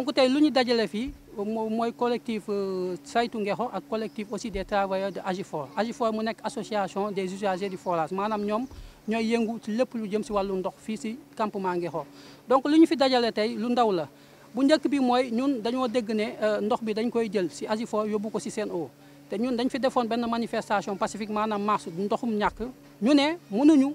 donc tey lu ñu dajale fii mooy collectif euh, saytu Ngexo ak collectif aussi des travailleurs de Agifor Agifor mu nekk association des usagers du forage maanaam ñoom ñooy yëngu ci lépp lu jëm si wàllu ndox fii si campement Ngexo donc lu ñu fi dajale tey lu ndaw la bu njëkk bi moy ñun dañoo dégg né euh, ndox bi dañ koy jël ci Agifor yóbbu ko si Sen'Eau te ñun dañ fi defoon ben manifestation pacifique manam marche ndoxum ñak ñu ne mënuñu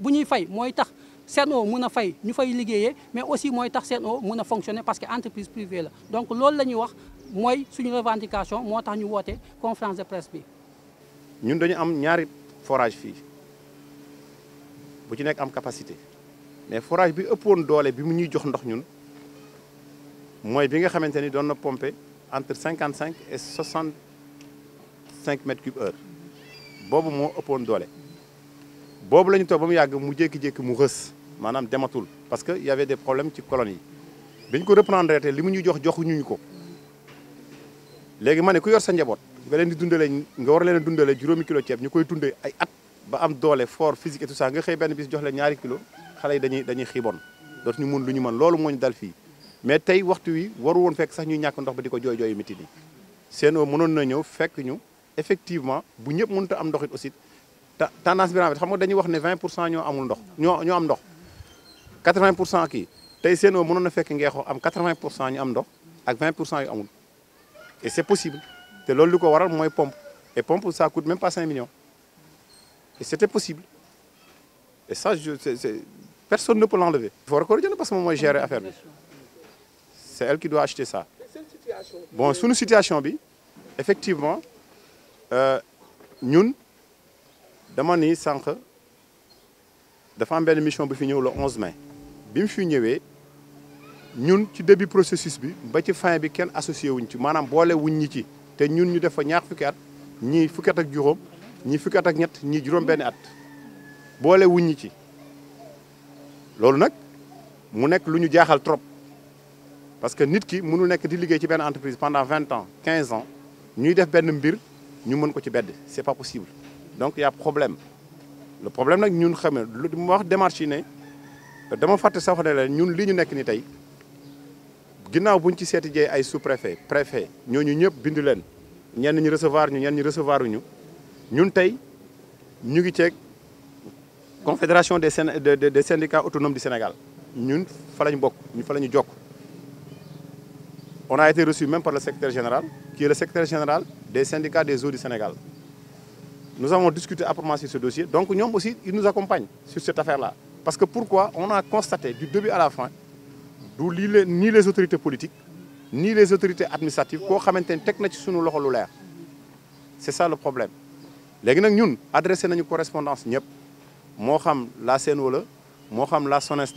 bu fay mooy tax Sen'Eau mun fay ñu fay liggéeyee mais aussi mooy tax Sen'Eau mun fonctionner parce que entreprise privée la donc loolu la ñuy wax mooy suñu revendication moo tax ñu woote conférence de presse bi. ñun dañu am ñaari forage fi bu ci nekk am capacité mais forage bi ëppoon doole bi mu ñuy jox ndox ñun mooy bi nga xamante ni doon pomper entre 55 et soixante cinq mètres cube heure boobu moo ëppoon doole boobu lañu ñu bamu ba mu yàgg mu mu rës manam dematul parce que il y avait des problèmes ci colonie biñ ko reprendre te limu ñu jox joxu ñu ko légui mané ku yor sa njaboot nga leen di dundalé nga war leen a dundalee juróomi kilo ceeb ñukoy tundé ay at ba am doole fort physique et tout ça nga xey ben bis jox leen ñaari kilo xalé dañuy dañuy xiiboon dootuñu mun lu luñu mën loolu moo dal fi mais tay waxtu wi waru won fekk sax ñu ñak ndox ba diko joy joy mitini seno nii seen mënoon na ñëw fekk ñu effectivement bu ñepp mënut a am ndoxit aussi tendance bi xam nga dañuy wax 20 de cent ñoo amul ndox ñoo am ndox 80 pour cent kii tey nous mënoon na fekk Ngexo am 80 pour cent am ndox ak 20 et c'est possible c'est loolu que ko waral pompe et pompe ça coûte même pas 5 millions et c'était possible et ça je personne ne peut l'enlever. il faut ko parce que moi mooy gérer affaire c'est elle qui doit acheter ça bon une situation bi effectivement euh, ñun demande ni dafa mission le 11 mai bi mu fi début processus bi ba ci fin bi associé wuñ ci ne boole wuñ ñi ci te ñun ñu Nous nous ñaar fukat at nous fait. ak juróom ñii fukki nous ak at nous wuñ ci mu trop parce que nous ki mënu di liggéey ci entreprise pendant 20 ans 15 ans ñuy def benn mbir ñu nous ko ci bedd c'est pas possible donc il y' a problème le problème c'est ñun nous ne lu je wax démarche yi que dama fàtte sax ne la ñun li ñu nekk ni préfets ginnaaw buñ ci les jee ay sous-préfet préfet ñooñu ñëpp bindu leen ñenn ñu recevoir ñu ñenn ñu recevoir ñu ñun confédération des syndicats autonomes du Sénégal Nous fa la ñu on a été reçu même par le secrétaire général qui est le secrétaire général des syndicats des eaux du Sénégal nous avons discuté amplement sur ce dossier. Donc, nous aussi, ils nous accompagnent sur cette affaire-là. Parce que pourquoi On a constaté du début à la fin, ni les autorités politiques, ni les autorités administratives, qu'on a fait sur nous C'est ça le problème. Maintenant, nous ñun adressé une correspondance à moo xam la SEN'EAU la la SONES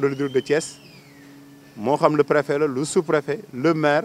de l'hydraulique de Thiès le préfet le sous-préfet le maire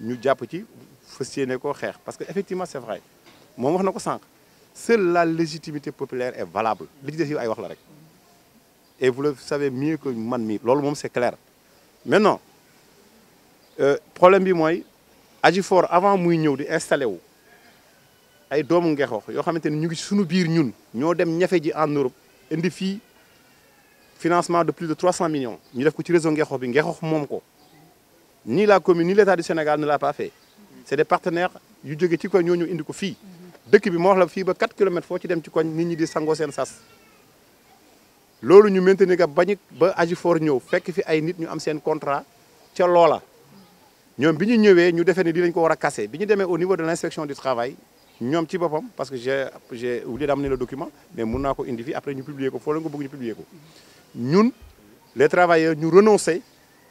ñu jàpp ci fas yéene koo parce que effectivement c'est vrai moom wax na ko seule la légitimité populaire est valable li ci des ay wax la rek et vous le savez mieux que man mii loolu moom c'est clair maintenant euh, problème bi mooy Agifor avant muy ñëw di installé wu ay doomu ngex wax yo xamanteni ñu ngi suñu biir ñun ñoo dem ñafé ji en Europe indi fi financement de plus de 300 millions ñu def ko ci réseau Ngexoox bi Ngexoox mom ko ni la commune ni l'État du Sénégal ne l'a pas fait c'est des partenaires yu jóge ci koñ ñoo ñu indi ko fii dëkk bi 4 km foo ci dem ci koñ nit ñi di sangoo seen sas loolu ñu maintenir nga bañu ba Agifor ñëw fekk fi ay nit ñu am contrat c'est lola. ñoom bi ñu ñëwee ñu defee ni di lañ ko war a casser bi ñu au niveau de l'inspection du travail un ci boppam parce que j'ai j'ai oublié d'amener le document mais je naa ko indi après ñu publier ko faut leen ko bëgg ñu publier ko ñun les travailleurs ñu renoncer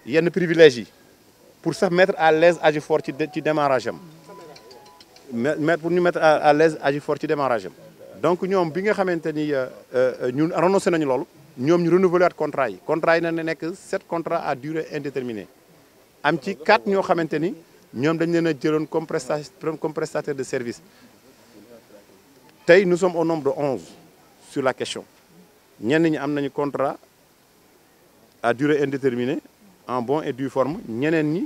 yenn privilèges yi pour se mettre à l'aise à fort, démarrer. démarrage pour nous mettre à l'aise à fort, démarrage donc nous avons nga xamante euh, euh, renoncé à Nous Nous ñu renouvelé notre contrat Le contrat n'est que 7 contrats à durée indéterminée am quatre ñoo sont ni Nous avons comme de service nous sommes au nombre 11 sur la question Nous avons un contrat à durée indéterminée en bonne et due forme ñi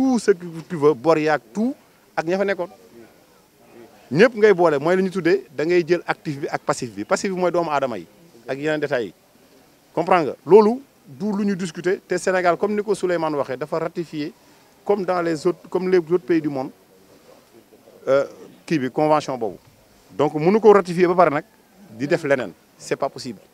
tout ce que tu veux boire tout ak ña fa nekkoon ñëpp ngay bolé moy lu tuddé da ngay jël actif bi ak passif bi passif bi moy doom aadama yi ak yeneen détails yi comprends nga lolu du luñu discuter té Sénégal comme niko ko Souleymane waxee dafa ratifier comme dans les autres comme les autres pays du monde euh, ki bi convention bobu donc mënu ko ratifier ba paré nak di def leneen c'est pas possible